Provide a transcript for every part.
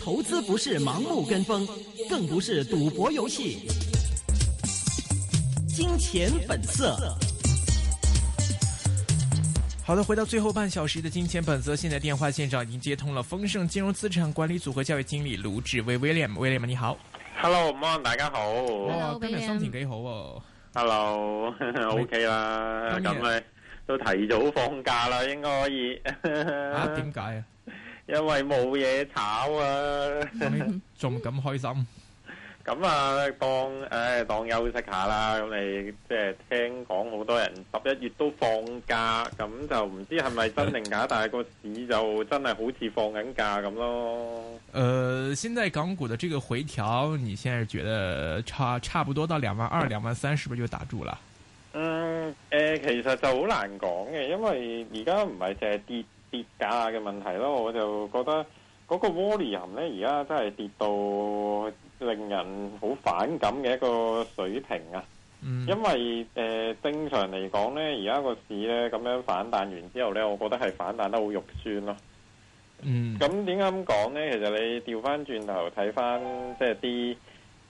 投資不是盲目跟風，更不是賭博遊戲。金錢本色。好的，回到最後半小時的《金錢本色》，現在電話線上已經接通了。豐盛金融資產管理組合教育經理盧志威 （William），威廉，威廉，你好 Hello，Mon，大家好，Hello，邊邊，今日心情幾好喎。Hello，OK 啦，都提早放假啦，應該可以。啊，點解啊？因為冇嘢炒啊，仲咁開心。咁啊，當誒、哎、當休息下啦。咁你即係聽講好多人十一月都放假，咁就唔知係咪真定假，嗯、但係個市就真係好似放緊假咁咯。誒、呃，現在港股嘅這個回調，你現在覺得差差不多到兩萬二、兩萬三，是不是就打住了？嗯，誒、呃，其實就好難講嘅，因為而家唔係淨係跌跌價嘅問題咯，我就覺得嗰個 volume 咧，而家真係跌到令人好反感嘅一個水平啊！嗯、因為誒、呃，正常嚟講咧，而家個市咧咁樣反彈完之後咧，我覺得係反彈得好肉酸咯、啊。嗯，咁點解咁講咧？其實你調翻轉頭睇翻，即係啲。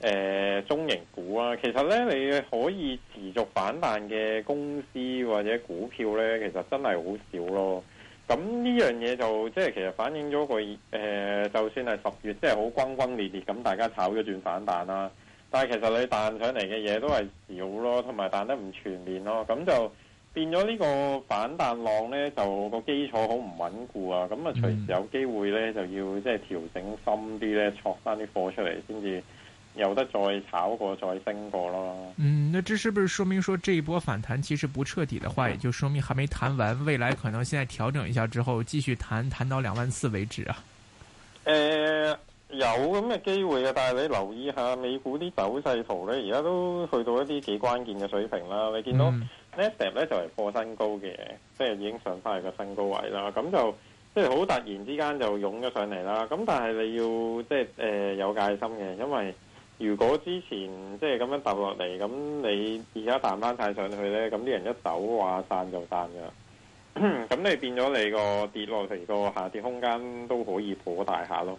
誒、呃、中型股啊，其實咧你可以持續反彈嘅公司或者股票咧，其實真係好少咯。咁呢樣嘢就即係其實反映咗個誒、呃，就算係十月即係好轟轟烈烈咁，大家炒咗轉反彈啦、啊。但係其實你彈上嚟嘅嘢都係少咯，同埋彈得唔全面咯。咁就變咗呢個反彈浪咧，就個基礎好唔穩固啊。咁啊，隨時有機會咧，就要即係調整深啲咧，戳翻啲貨出嚟先至，有得再炒過，再升過咯。嗯，那這是不是說明說這一波反彈其實不徹底的話，也就說明還沒彈完，未來可能現在調整一下之後繼續彈，彈到兩萬四為止啊？誒、呃，有咁嘅機會啊！但係你留意下美股啲走勢圖咧，而家都去到一啲幾關鍵嘅水平啦。你見到納指咧就係、是、破新高嘅，即係已經上翻嚟個新高位啦。咁就即係好突然之間就湧咗上嚟啦。咁但係你要即係誒、呃、有戒心嘅，因為如果之前即係咁樣掉落嚟，咁你而家彈翻曬上去呢，咁啲人一走話散就散噶啦。咁 你變咗你個跌落成個下跌空間都可以破大下咯。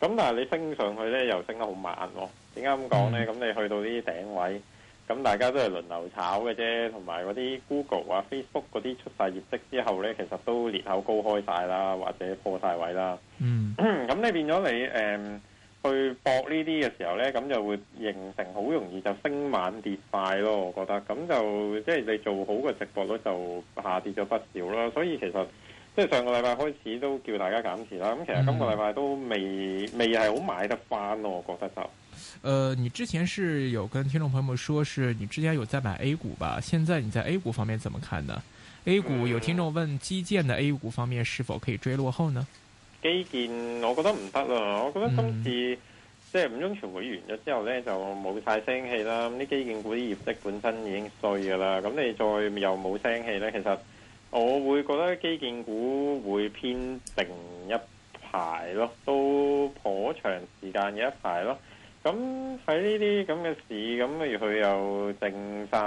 咁但係你升上去呢，又升得好慢咯。點解咁講呢？咁、嗯、你去到啲頂位，咁大家都係輪流炒嘅啫，同埋嗰啲 Google 啊、Facebook 嗰啲出晒業績之後呢，其實都裂口高開晒啦，或者破晒位啦、嗯。 嗯。咁你變咗你去搏呢啲嘅時候呢，咁就會形成好容易就升慢跌快咯，我覺得咁就即係你做好個值博率就下跌咗不少啦。所以其實即係上個禮拜開始都叫大家減持啦。咁其實今個禮拜都未、嗯、未係好買得返咯，我覺得就。呃，你之前是有跟聽眾朋友說，是你之前有在買 A 股吧？現在你在 A 股方面怎麼看呢？A 股有聽眾問基建的 A 股方面是否可以追落後呢？基建我覺得唔得啦，我覺得今次即係五中全會完咗之後呢，就冇晒聲氣啦。咁啲基建股啲業績本身已經衰噶啦，咁你再又冇聲氣呢，其實我會覺得基建股會偏靜一排咯，都頗長時間嘅一排咯。咁喺呢啲咁嘅市，咁譬如佢又靜晒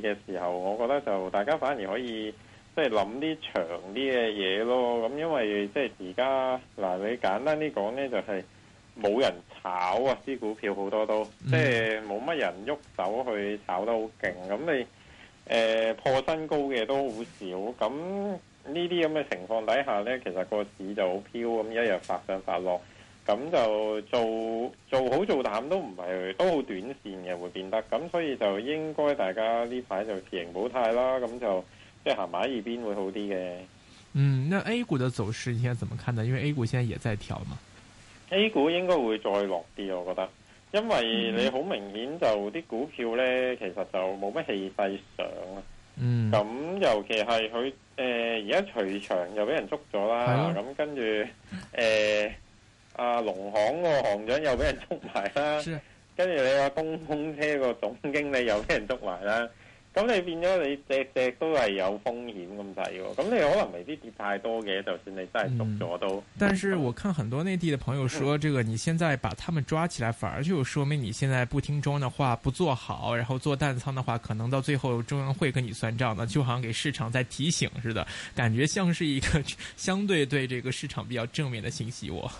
嘅時候，我覺得就大家反而可以。即係諗啲長啲嘅嘢咯。咁因為即係而家嗱，你簡單啲講呢，就係冇人炒啊，啲股票好多都即係冇乜人喐手去炒得好勁。咁你誒破新高嘅都好少。咁呢啲咁嘅情況底下呢，其實個市就好飄，咁一日發上發落，咁就做做好做淡都唔係都好短線嘅，會變得咁，所以就應該大家呢排就持盈保泰啦。咁就。即係行埋喺二邊會好啲嘅。嗯，那 A 股的走勢你現在怎麼看呢？因為 A 股現在也在調嘛。A 股應該會再落啲，我覺得，因為你好明顯就啲股票呢，其實就冇乜氣勢上啦。嗯。咁尤其係佢誒，而、呃、家徐翔又俾人捉咗啦，咁、啊、跟住誒，阿、呃、農、啊、行個行長又俾人捉埋啦，是的跟住你話、啊、東風車個總經理又俾人捉埋啦。咁你變咗你隻隻都係有風險咁滯喎，咁你可能未必跌太多嘅，就算你真係縮咗都。但是我看很多內地的朋友說，這個，你現在把他們抓起來，反而就說明你現在不聽中央的話，不做好，然後做淡倉的話，可能到最後中央會跟你算賬的，就好像給市場在提醒似的，感覺像是一個相對對這個市場比較正面的信息我。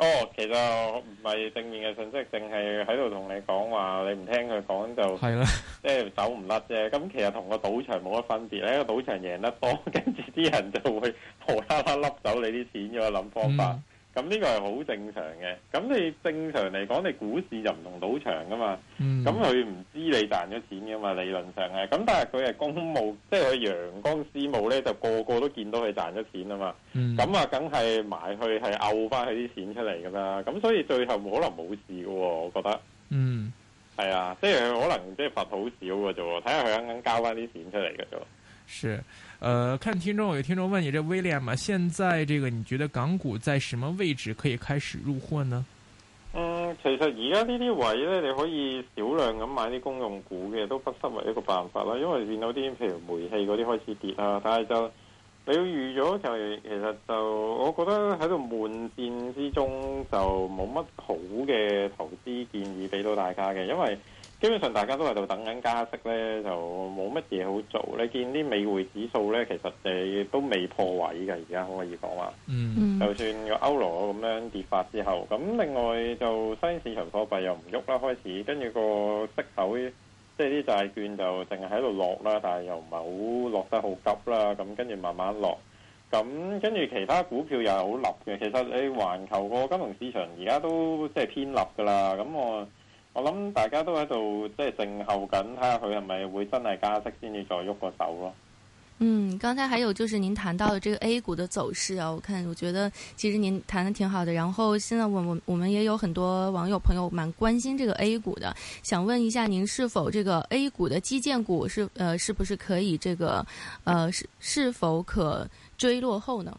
哦，oh, 其實唔係正面嘅信息，淨係喺度同你講話，你唔聽佢講就係啦，即係是的笑走唔甩啫。咁其實同個賭場冇乜分別咧，一個賭場贏得多，跟住啲人就會無啦啦笠走你啲錢，而家諗方法。嗯。咁呢個係好正常嘅。咁你正常嚟講，你股市就唔同賭場噶嘛。咁佢唔知你賺咗錢㗎嘛，理論上係。咁但係佢係公務，即係佢陽光私募咧，就個個都見到佢賺咗錢啊嘛。咁啊、嗯，梗係埋去係摳翻佢啲錢出嚟噶啦。咁所以最後可能冇事㗎喎、哦，我覺得。嗯。係啊，即係佢可能即係罰好少嘅啫喎，睇下佢啱啱交翻啲錢出嚟㗎啫喎。是，呃，看聽眾，有聽眾問你，這 William 嘛，現在這個你覺得港股在什麼位置可以開始入貨呢？嗯，其實而家呢啲位咧，你可以少量咁買啲公用股嘅，都不失為一個辦法啦。因為見到啲譬如煤氣嗰啲開始跌啊，但係就你要預咗就其實就我覺得喺度悶戰之中就冇乜好嘅投資建議俾到大家嘅，因為。基本上大家都喺度等緊加息咧，就冇乜嘢好做。你見啲美匯指數咧，其實誒都未破位嘅，而家可唔可以講話？嗯，就算個歐羅咁樣跌發之後，咁另外就新市場貨幣又唔喐啦，開始跟住個息口，即係啲債券就淨係喺度落啦，但係又唔係好落得好急啦。咁跟住慢慢落，咁跟住其他股票又係好立嘅。其實你環球個金融市場而家都即係偏立噶啦，咁我。我諗大家都喺度即係靜候緊，睇下佢係咪會真係加息，先至再喐個手咯。嗯，剛才還有就是您談到的這個 A 股的走勢啊，我看我覺得其實您談得挺好的。然後現在我我我們也有很多網友朋友蠻關心這個 A 股的，想問一下您是否這個 A 股的基建股是，呃，是不是可以這個，呃，是是否可追落後呢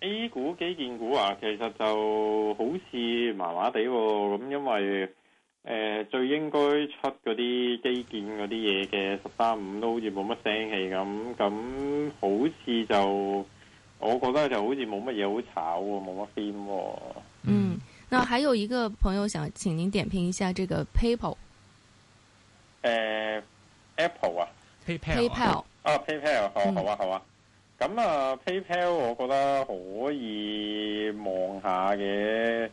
？A 股基建股啊，其實就好似麻麻地咁，咁因為。誒、呃，最應該出嗰啲基建嗰啲嘢嘅十三五都好似冇乜聲氣咁，咁好似就我覺得就好似冇乜嘢好炒喎，冇乜 feel 喎。嗯，那還有一個朋友想請您點評一下這個、呃啊、PayPal。誒，Apple PayPal 啊，PayPal 啊，PayPal，好好啊，好啊。咁啊，PayPal 我覺得可以望下嘅。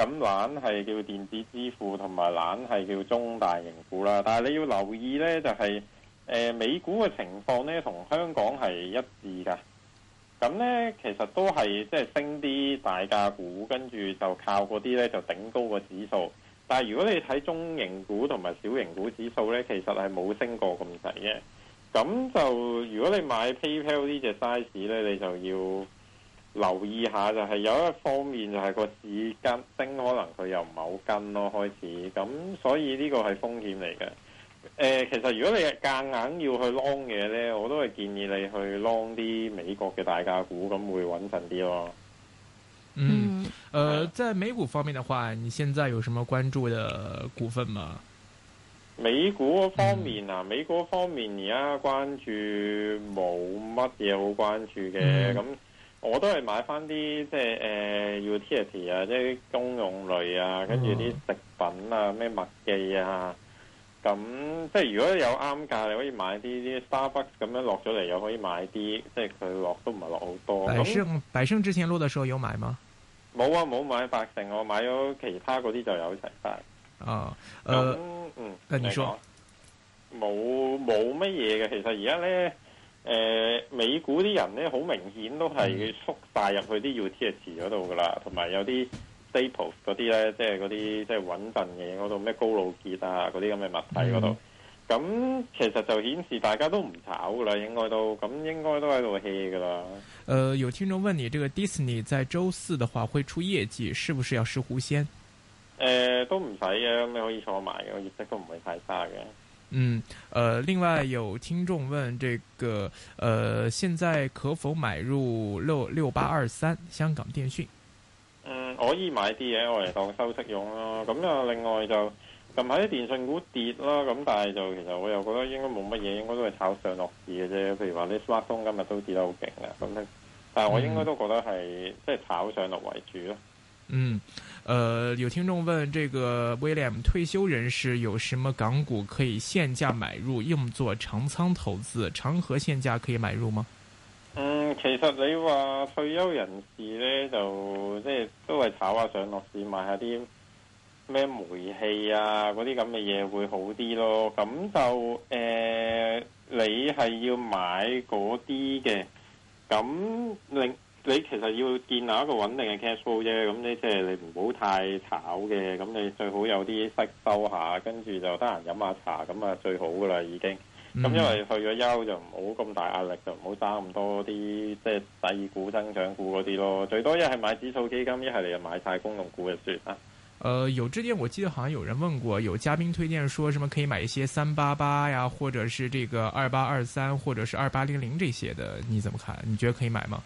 咁懶係叫電子支付，同埋懶係叫中大型股啦。但係你要留意呢，就係、是、誒、呃、美股嘅情況呢，同香港係一致㗎。咁呢，其實都係即係升啲大價股，跟住就靠嗰啲呢，就頂高個指數。但係如果你睇中型股同埋小型股指數呢，其實係冇升過咁滯嘅。咁就如果你買 PayPal 呢隻 size 呢，你就要，留意下就係、是、有一方面就係個市價升，可能佢又唔係好跟咯，開始咁，所以呢個係風險嚟嘅。誒，其實如果你夾硬要去 long 嘢咧，我都係建議你去 long 啲美國嘅大價股，咁會穩陣啲咯。嗯誒、呃、在美股方面嘅話你現在有什麼關注嘅股份嗎、嗯，美股啊？美股方面啊，美股方面而家關注冇乜嘢好關注嘅咁。嗯嗯我都係買翻啲即係誒、呃、utility 啊，即係啲公用類啊，跟住啲食品啊，咩麥記啊，咁、oh. 即係如果有啱價，你可以買啲啲 Starbucks 咁樣落咗嚟，又可以買啲，即係佢落都唔係落好多。百勝，那百勝之前落嘅時候有買嗎？冇啊，冇買百勝，我買咗其他嗰啲就有齊晒。啊，咁、oh. uh, 嗯，誒，uh, 你說冇冇乜嘢嘅，其實而家咧。誒、呃、美股啲人咧，好明顯都係縮晒入去啲 UTS 嗰度噶啦，同埋有啲 Staples 嗰啲咧，即係嗰啲即係穩陣嘅嘢嗰度，咩高露潔啊嗰啲咁嘅物體嗰度。咁、嗯、其實就顯示大家都唔炒噶啦，應該都咁應該都喺度 hea 噶啦。誒、呃，有聽眾問你，這個 Disney 在周四的話會出業績，是不是要食糊先？誒、呃，都唔使嘅，咁你可以坐埋嘅，業績都唔會太差嘅。嗯，呃，另外有聽眾問，這個，呃，現在可否買入六六八二三香港電訊？嗯，我可以買啲嘢，我嚟當收息用咯。咁啊，另外就近排啲電訊股跌啦，咁但係就其實我又覺得應該冇乜嘢，應該都係炒上落市嘅啫。譬如話你 SmarTone 數碼通今日都跌得好勁嘅，咁但係我應該都覺得係、嗯、即係炒上落為主咯。嗯，誒、呃，有聽眾問，這個 William 退休人士有什麼港股可以限價買入，用作長倉投資？長和限價可以買入嗎？嗯，其實你話退休人士咧，就即係都係炒下上落市，買下啲咩煤氣啊，嗰啲咁嘅嘢會好啲咯。咁就誒、呃，你係要買嗰啲嘅，咁另。你其實要建立一個穩定嘅 cash flow 啫，咁你即係你唔好太炒嘅，咁你最好有啲息收下，跟住就得閒飲下茶，咁啊最好噶啦已經。咁、嗯、因為去咗休就唔好咁大壓力，就唔好揸咁多啲即係二股、增長股嗰啲咯。最多一係買指數基金，一係你就買晒公用股嘅算啦。誒、呃，有之前，我記得好像有人問過，有嘉賓推薦，說什麼可以買一些三八八呀，或者是這個二八二三，或者是二八零零這些的，你怎麼看？你覺得可以買嗎？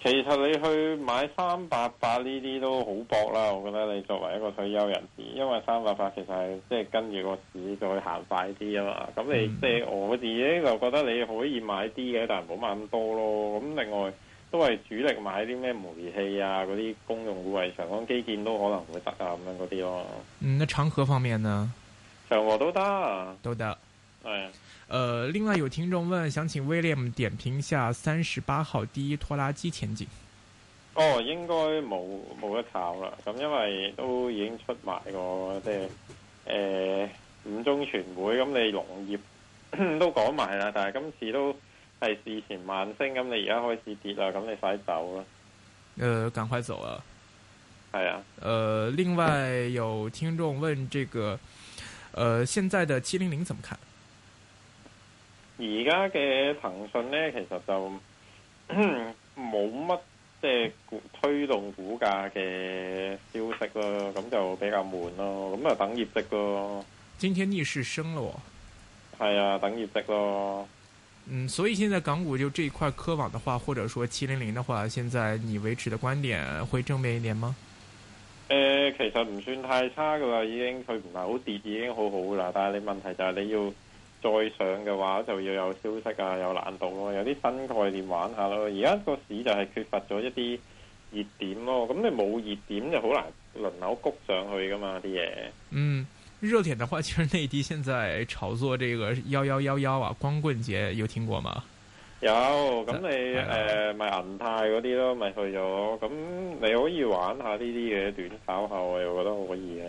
其實你去買三百八呢啲都好薄啦，我覺得你作為一個退休人士，因為三百八其實係即係跟住個市再去行快啲啊嘛。咁你即係、嗯、我自己就覺得你可以買啲嘅，但係唔好買咁多咯。咁另外都係主力買啲咩煤氣啊嗰啲公用股，係長江基建都可能會得啊咁樣嗰啲咯。嗯，那長和方面呢？長和都得，都得，係。呃，另外有聽眾問，想請 William 點評一下三十八號第一拖拉機前景。哦，應該冇冇得炒啦，咁、嗯、因為都已經出埋個，即係誒五中全會，咁、嗯、你農業都講埋啦，但係今次都係事前慢升，咁、嗯、你而家開始跌啦，咁、嗯、你快走啦。呃，趕快走啊！係啊，呃，另外有聽眾問這個，呃，現在的七零零怎麼看？而家嘅騰訊咧，其實就冇乜即係推動股價嘅消息咯，咁就比較悶咯，咁啊等業績咯。今天逆市升咯。係啊，等業績咯。嗯，所以現在港股就這一塊科網的話，或者說七零零的話，現在你維持嘅觀點會正面一點嗎？誒、呃，其實唔算太差㗎喇，已經佢唔係好跌，已經好好啦。但係你問題就係你要。再上嘅話，就要有消息啊，有難度咯。有啲新概念玩下咯。而家個市就係缺乏咗一啲熱點咯。咁你冇熱點，就好難輪流谷上去噶嘛啲嘢。嗯，熱點嘅話，其實內地現在炒作這個幺幺幺幺啊，光棍節有聽過嗎？有。咁你誒咪銀泰嗰啲咯，咪去咗。咁你可以玩下呢啲嘢，短炒下，我又覺得可以啊。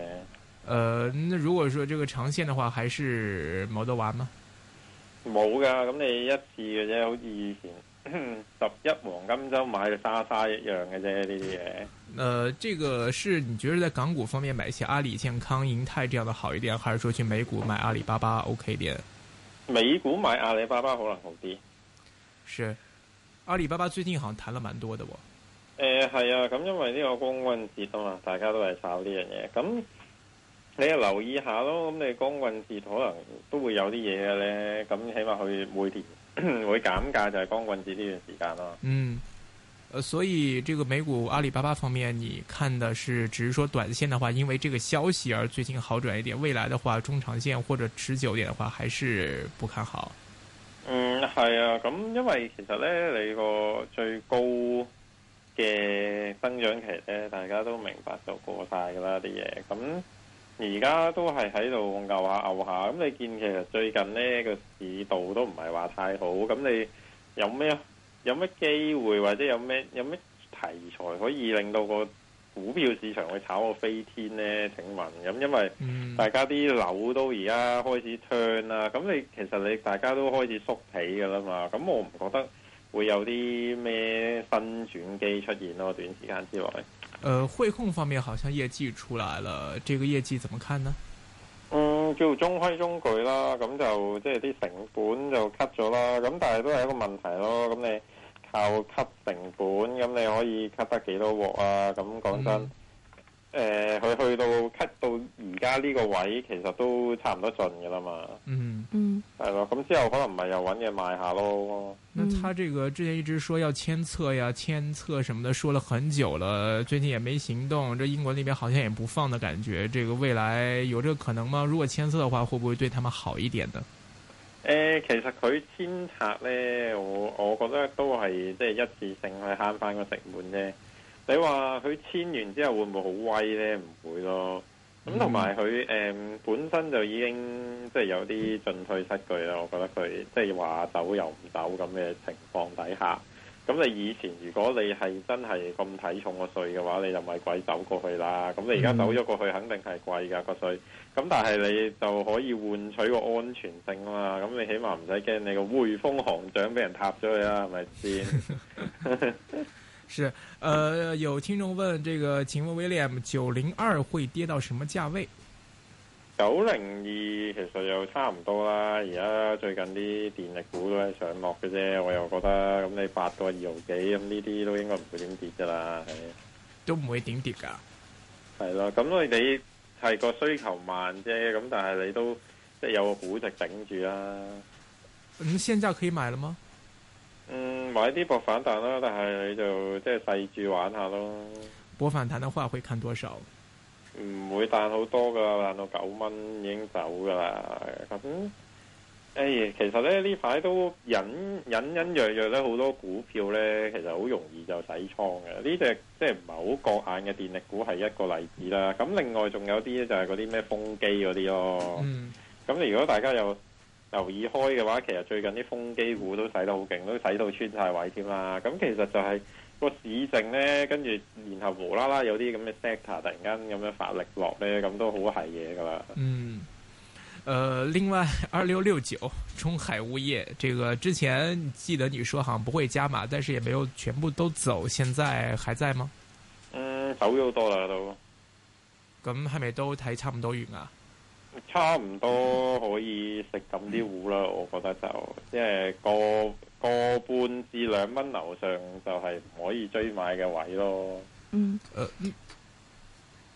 呃，那如果說這個長線的話，還是冇得玩嗎？冇噶，咁你一次嘅啫，好似以前呵呵十一黃金周買沙沙一樣嘅啫，呢啲嘢。呃，這個是你覺得在港股方面買些阿里健康、銀泰這樣的好一點，還是說去美股買阿里巴巴 OK 啲？美股買阿里巴巴可能好啲。是，阿里巴巴最近好像談了蠻多的、哦。我、呃。誒，係啊，咁、嗯、因為呢個光棍節啊嘛，大家都係炒呢樣嘢，咁、嗯。你留意下咯，咁你光棍節可能都會有啲嘢嘅咧。咁起碼佢每年會減價，就係光棍節呢段時間咯。嗯，呃，所以呢個美股阿里巴巴方面，你看的是只是說短線的話，因為這個消息而最近好轉一點。未來的話，中長線或者持久點的話，還是不看好。嗯，係啊，咁因為其實咧，你個最高嘅增長期咧，大家都明白就過晒㗎喇啲嘢咁。而家都係喺度牛下牛下，咁你見其實最近呢個市道都唔係話太好，咁你有咩啊？有咩機會或者有咩有咩題材可以令到個股票市場去炒個飛天呢？請問咁，因為大家啲樓都而家開始 turn 啦，咁你其實你大家都開始縮起㗎啦嘛，咁我唔覺得會有啲咩新轉機出現咯，短時間之內。呃，匯控方面好像業績出來了，這個業績怎麼看呢？嗯，叫中規中矩啦，咁就即係啲成本就 cut 咗啦，咁但係都係一個問題咯。咁你靠 cut 成本，咁你可以 cut 得幾多鑊啊？咁講真。誒佢，呃、去，去到 cut 到而家呢個位，其實都差唔多盡㗎啦嘛。嗯嗯，係咯，咁之後可能唔係又搵嘢賣下咯。嗯、那他這個之前一直說要遷冊呀，遷冊什麼的說了很久了，最近也沒行動。這英國那邊好像也不放的感覺，這個未來有這個可能嗎？如果遷冊的話，會不會對他們好一點呢？誒、呃，其實佢遷冊咧，我我覺得都係即係一次性去慳翻個成本啫。你話佢簽完之後會唔會好威呢？唔會咯。咁同埋佢誒本身就已經即係有啲進退失據啦。我覺得佢即係話走又唔走咁嘅情況底下，咁你以前如果你係真係咁睇重個稅嘅話，你就咪鬼走過去啦。咁你而家走咗過去，肯定係貴噶個稅。咁但係你就可以換取個安全性啊嘛。咁你起碼唔使驚你個匯豐行長俾人撻咗去啦，係咪先？ 是，呃，有聽眾問，這個，請問 William 九零二會跌到什麼價位？九零二其實又差唔多啦，而家最近啲電力股都係上落嘅啫，我又覺得咁、嗯、你八個二毫幾，咁呢啲都應該唔會點跌噶啦，係都唔會點跌噶。係咯，咁你係個需求慢啫，咁但係你都即係有個估值頂住啦。咁、嗯、現價可以買了嗎？嗯，買啲博反彈啦，但係你就即係細注玩下咯。博反彈的話會看多少？唔會彈好多噶啦，彈到九蚊已經走噶啦。咁，誒，其實咧呢排都隱隱隱約約咧，好多股票咧，其實好容易就洗倉嘅。呢隻即係唔係好國眼嘅電力股係一個例子啦。咁另外仲有啲咧就係嗰啲咩風機嗰啲咯。嗯。咁如果大家有。留意開嘅話，其實最近啲風機股都洗得好勁，都洗到穿晒位添啦。咁其實就係個市政咧，跟住然後無啦啦有啲咁嘅 sector 突然間咁樣發力落咧，咁都好係嘢噶啦。嗯，誒、呃，另外二六六九中海物業，這個之前記得你說好像不會加碼，但是也沒有全部都走，現在還在嗎？嗯，走咗好多啦都。咁係咪都睇差唔多完啊？差唔多可以食咁啲糊啦，我覺得就即係個個半至兩蚊樓上就係唔可以追買嘅位咯。嗯。啊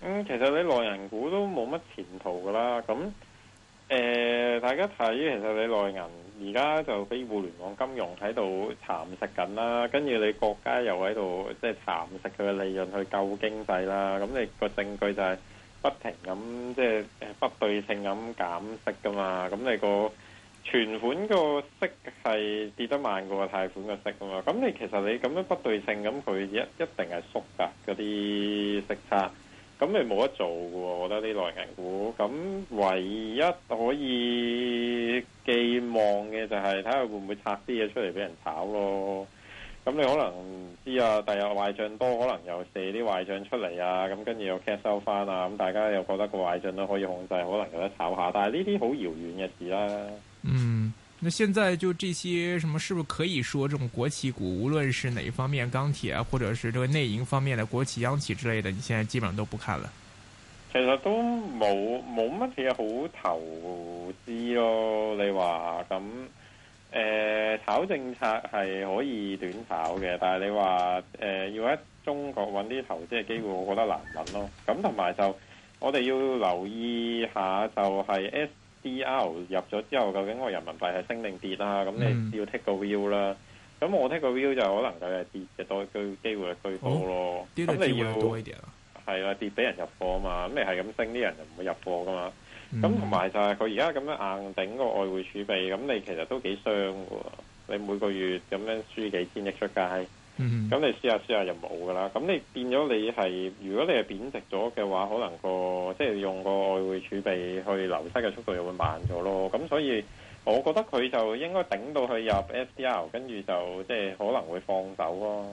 咁、嗯、其實你內銀股都冇乜前途㗎啦。咁誒、呃，大家睇其實你內銀而家就俾互聯網金融喺度蠶食緊啦。跟住你國家又喺度即係蠶食佢嘅利潤去救經濟啦。咁你個證據就係不停咁即係誒不對稱咁減息㗎嘛。咁你個存款個息係跌得慢過個貸款個息㗎嘛。咁你其實你咁樣不對稱咁，佢一一定係縮㗎嗰啲息差。咁你冇得做㗎喎，我覺得呢啲內銀股。咁唯一可以寄望嘅就係睇下會唔會拆啲嘢出嚟俾人炒咯。咁你可能唔知啊，第日壞帳多，可能又射啲壞帳出嚟啊。咁跟住又劇收翻啊。咁大家又覺得個壞帳都可以控制，可能有得炒下。但係呢啲好遙遠嘅事啦。嗯。那現在就這些什麼，是不是可以說這種國企股，無論是哪一方面，鋼鐵啊，或者是這個內營方面的國企、央企之類的，你現在基本上都不看了。其實都冇冇乜嘢好投資咯。你話咁，誒、呃、炒政策係可以短炒嘅，但係你話誒、呃、要喺中國揾啲投資嘅機會，我覺得難揾咯。咁同埋就我哋要留意下就，就係 S。D R 入咗之後，究竟個人民幣係升定跌啦、啊？咁、嗯、你要 take 個 view 啦。咁我 take 個 view 就可能佢係跌嘅多，佢機會居多咯。咁你要，啲人機會多一點啊。係啊，跌俾人入貨啊嘛。咁你係咁升，啲人就唔會入貨噶嘛。咁同埋就係佢而家咁樣硬頂個外匯儲備，咁你其實都幾傷噶喎。你每個月咁樣輸幾千億出街。咁、嗯、你試下試下又冇㗎喇，咁你變咗你係如果你係貶值咗嘅話，可能個即係用個外匯儲備去流失嘅速度又會慢咗咯。咁所以我覺得佢就應該頂到去入 SDR，跟住就即係可能會放手咯。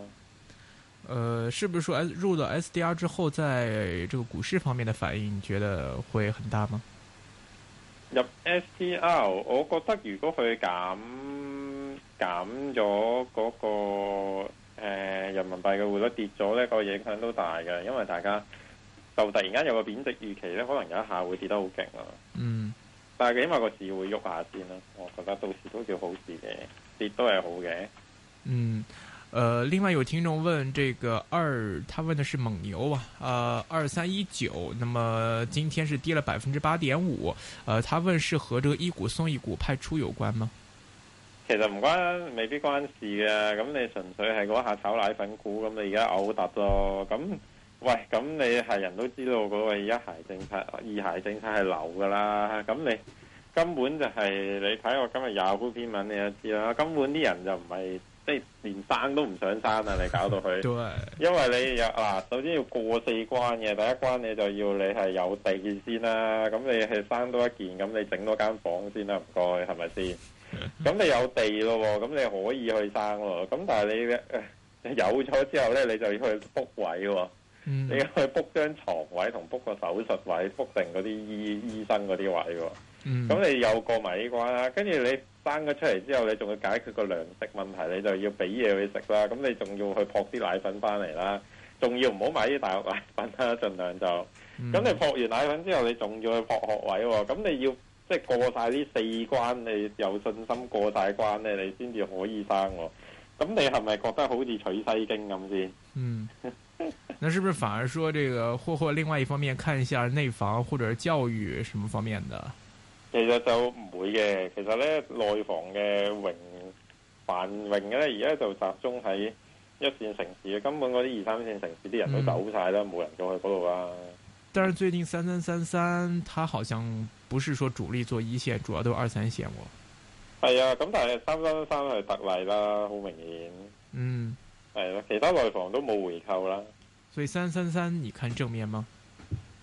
誒、呃，是不是入入到 SDR 之後，在這個股市方面的反應，覺得會很大嗎？入 SDR，我覺得如果佢減減咗嗰、那個誒、呃、人民幣嘅匯率跌咗呢個影響都大嘅，因為大家就突然間有個貶值預期咧，可能有一下會跌得好勁啊。嗯，但係佢因為個市會喐下先咯，我覺得到時都叫好事嘅，跌都係好嘅。嗯，誒、呃，另外有聽眾問這個二，他問的是蒙牛啊，呃，二三一九，那麼今天是跌了百分之八點五，呃，他問是和這個一股送一股派出有關嗎？其實唔關，未必關事嘅。咁你純粹係嗰下炒奶粉股，咁你而家嘔突咯。咁喂，咁你係人都知道嗰個一孩政策、二孩政策係流噶啦。咁你根本就係你睇我今日有篇文，你就知啦。根本啲人就唔係即係連生都唔想生啊！你搞到佢，因為你有嗱，首先要過四關嘅。第一關你就要你係有地先啦。咁你係生多一件，咁你整多間房先啦。唔該，係咪先？咁你有地咯，咁你可以去生喎。咁但係你、呃、有咗之後咧，你就要去撲位喎。位，嗯、你要去撲張床位同撲個手術位撲定嗰啲醫醫生嗰啲位。咁、嗯、你又過埋呢關啦，跟住你生咗出嚟之後，你仲要解決個糧食問題，你就要俾嘢佢食啦。咁你仲要去撲啲奶粉翻嚟啦，仲要唔好買啲大學奶粉啦、啊，盡量就。咁、嗯、你撲完奶粉之後，你仲要去撲學位，咁你要。即係過晒呢四關，你有信心過晒關咧，你先至可以生喎。咁你係咪覺得好似取西經咁先？嗯，那是不是反而說，這個或或另外一方面看一下內房或者是教育什麼方面的？其實就唔會嘅。其實咧，內房嘅榮繁榮咧，而家就集中喺一線城市嘅，根本嗰啲二三線城市啲人都走晒啦，冇、嗯、人再去嗰度啦。但是最近三三三三，他好像。不是說主力做一線，主要都係二三線喎。係啊，咁但係三三三係特例啦，好明顯。嗯，係啦，其他內房都冇回購啦。所以三三三，你看正面嗎？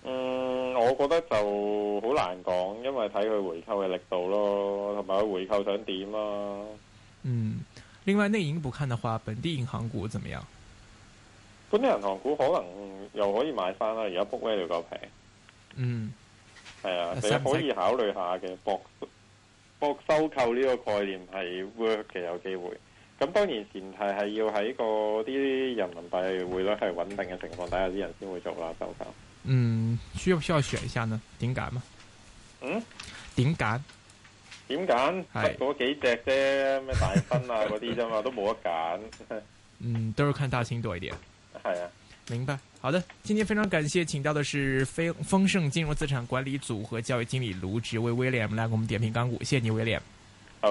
嗯，我覺得就好難講，因為睇佢回購嘅力度咯，同埋佢回購想點咯、啊。嗯，另外內銀不看的話，本地銀行股怎麼樣？本地銀行股可能又可以買翻啦，而家 book level 夠平。嗯。係啊，其實可以考慮下嘅，博博收購呢個概念係 work 嘅，有機會。咁當然前提係要喺個啲人民幣匯率係穩定嘅情況底下，啲人先會做啦收購。嗯，需唔需要選一下呢？點揀嘛？嗯？點揀？點揀？得嗰幾隻啫，咩大分啊嗰啲啫嘛，都冇得揀。嗯，都要看大市做嘢。係啊。明白，好的。今天非常感謝請到的是非豐盛金融資產管理組合教育經理盧志威威廉，來給我們點評港股。謝謝你，威廉。